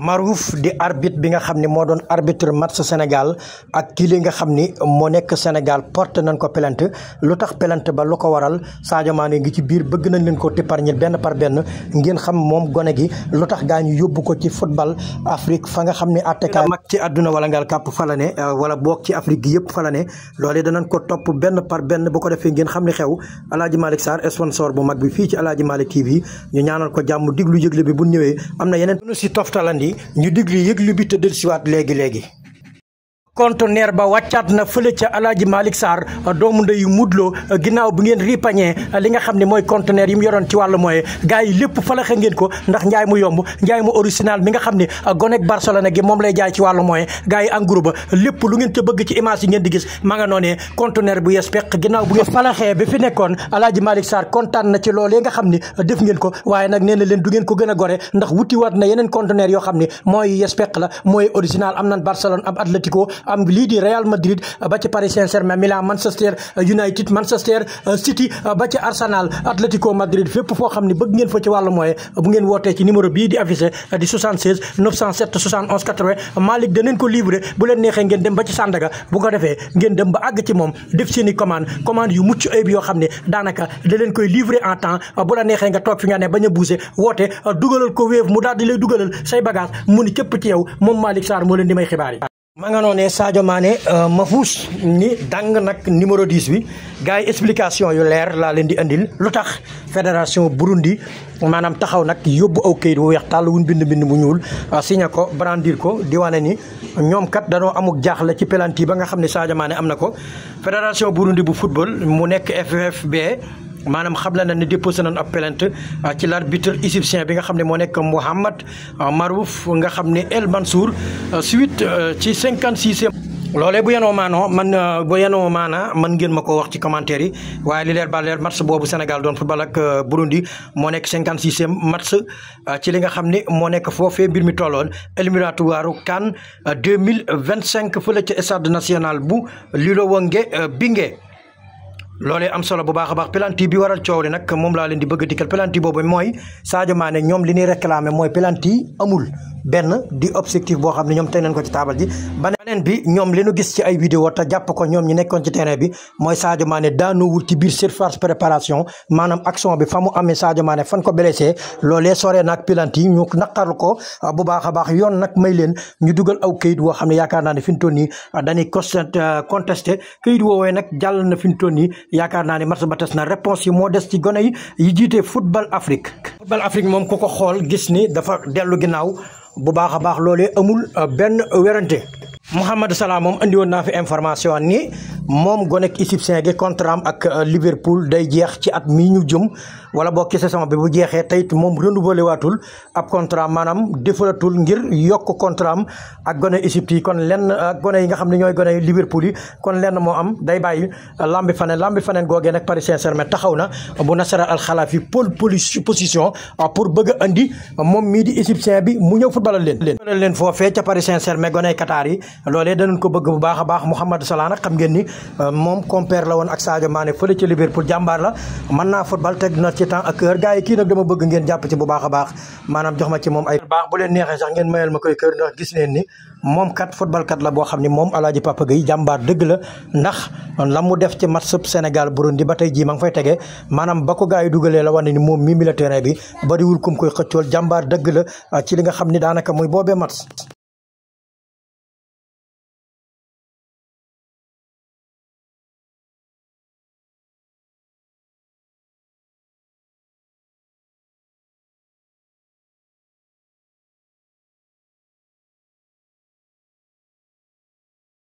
Marouf di arbitre bi nga xam ne moo doon arbitre match Sénégal ak kii li nga xam ni moo nekk Sénégal porte nañ ko plainte lu tax plainte ba lu ko waral Sadio Mané ngi ci biir bëgg nañ leen ko tipparñil benn par benn ngeen xam moom gone gi lu tax gaa ñu yóbbu ko ci football Afrique fa nga xam ne atteka mag ci àdduna wala ngal kàpp fa la ne euh, wala boog ci Afrique gi yëpp fa la ne loolee danañ ko topp benn par benn bu ko defee ngeen xam ni xew Aladji Malick Sarr sponsor bu mag bi fii ci Aladji Malick TV ñu ñaanal ko jàmm diglu yëgle bi bu ñëwee am na yeneen si toftalandi ñu ñu diglu yëglu bi te dellusiwaat léegi léegi. conteneur ba wàccaat na fële ca alaaji Malick Sarr doomu ndeyu loo ginnaaw bu ngeen ripañee li nga xam ne mooy conteneur yi mu yoroon ci wàllu mooy gars yi lépp falaxa ngeen ko ndax njaay mu yomb njaay mu original mi nga xam ne gonek Barcelone gi moom lay jaay ci wàllu mooy gars yi en groupe ba lépp lu ngeen ca bëgg ci image yi ngeen di gis maa nga noonee conteneur bu yes peq ginnaaw bu ngeen falaxee bi fi nekkoon alaaji Malick Sarr kontaan na ci loolee nga xam ne def ko waaye nag nee na leen du ngeen ko gën a gore ndax wutiwaat na yeneen conteneur yoo xam ne mooy yes la mooy original am nan Barcelone am Atlético am lii di Real Madrid uh, ba ci Paris Saint-Germain Milan Manchester uh, United Manchester uh, City ba ci Arsenal Atlético Madrid fépp foo xam ne bëgg ngeen fa ci wàll mooy bu ngeen wootee ci numéro bii di affiché di 76 907 71 80 Malick danañ ko livré bu leen neexee ngeen dem ba ci Sandaga ko defee ngeen dem ba àgg ci moom def seen i commande commande yu mucc ayib yoo xam ne daanaka da leen koy livré en temps bu la neexee nga toog fi nga ne bañ a bougé woote dugalal daal di lay dugalal say ci yow moom Malick Sarr moo leen ma nga noonee Sadio Mané euh, ma fuus ni dang nag numéro 10 bi gars yi explication yu leer laa leen di andil lu tax fédération Burundi maanaam taxaw nag yóbbu aw kayit wu weex tàll wuñ mbind bind mu ñuul euh, signé ko brandir ko diwaane ni ñoom kat danoo amuk jaaxle ci pelanti ba nga xam ne saajo maane am na ko fédération Burundi bu football mu nekk FFB maanaam xamle na ne déposé nañ ab plainte euh, ci l'arbitre égyptien bi nga xam ne moo nekk Mohamed euh, Marouf nga xam ne El Mansour euh, suite ci cinquante sixième loolee bu yenoo maanoo man bu yenoo maana man ngeen ma ko wax ci commentaire yi waaye li leer boobu Sénégal doon football ak Burundi moo nekk cinquante sixième match ci li nga xam ne moo nekk foofee mbir mi tolloon éliminatoire CAN deux mille vingt cinq fële ca stade national bu Lilowongue Bingé loolee am solo bu baax a baax penalty bi waral coow li nag moom laa leen di bëgg a dikkal penalty boobu mooy Sadio Mané ñoom li ñuy réclamer mooy penalty amul benn di objectif boo xam ne ñoom teg nañ ko ci taabal ji. beneen bi ñoom li gis ci ay vidéo jàpp ko ñoom ñi nekkoon ci terrain bi mooy Sadio Mané daanuwul ci biir surface préparation maanaam action bi fa mu amee Sadio Mané fan ko blessé loolee soree naag penalty ñu naqarlu ko bu baax a baax yoon nag may leen ñu dugal aw kayit boo xam ne yaakaar naa ne fi mu toll nii dañuy contesté kayit woowee nag jàll na fi mu toll nii yaakaar naa ne match ba tas na réponse yi moo des ci gone yi yi jiite football Afrique. football Afrique moom ku ko xool gis ni dafa dellu ginnaaw bu baax a baax loolee amul euh, benn werante. Mouhamadou Salah moom andi woon naa fi information ni moom gone égyptien gi contrat am ak euh, Liverpool day jeex ci at mi ñu jëm wala boo kese sama bi bu jeexee tey it moom renouvelé waatul ab contrat maanaam defalatul ngir yokk contrat am ak gone égypte yi kon lenn ak euh, yi nga xam ne ñooy gone Liverpool yi kon lenn moo am day bàyyi euh, lambi faneen lambi faneen googee nag Paris Saint-Germain taxaw na bu Nasser Al Khelaïfi pôle position pour bëgg a andi moom mii di égyptien bi mu ñëw footballal leen leen foofee ca Paris Saint-Germain gone Qatar yi loolee danañ ko bëgg bu baax a baax Mohamed Salah nag xam ngeen ni Euh, moom compère la woon ak maane Mané fële ci pour jàmbaar la mën naa football teg na ci temps ak heure gars yi kii nag bëgg ngeen jàpp ci bu baax a baax maanaam jox ma ci moom ay baax bu leen a sax ngeen mayal ma koy kër gis neen ni moom kat football kat la boo xam ni moom Alaaji Papa Gueye jàmbaar dëgg la ndax la mu def ci match sub Sénégal Burundi ba tey jii ma ngi fay tegee maanaam ba ko yi dugalee la wane ni moom mi militaire bi bariwul kum koy xëccool jàmbaar dëgg la ci li nga xam ni daanaka muy boobee match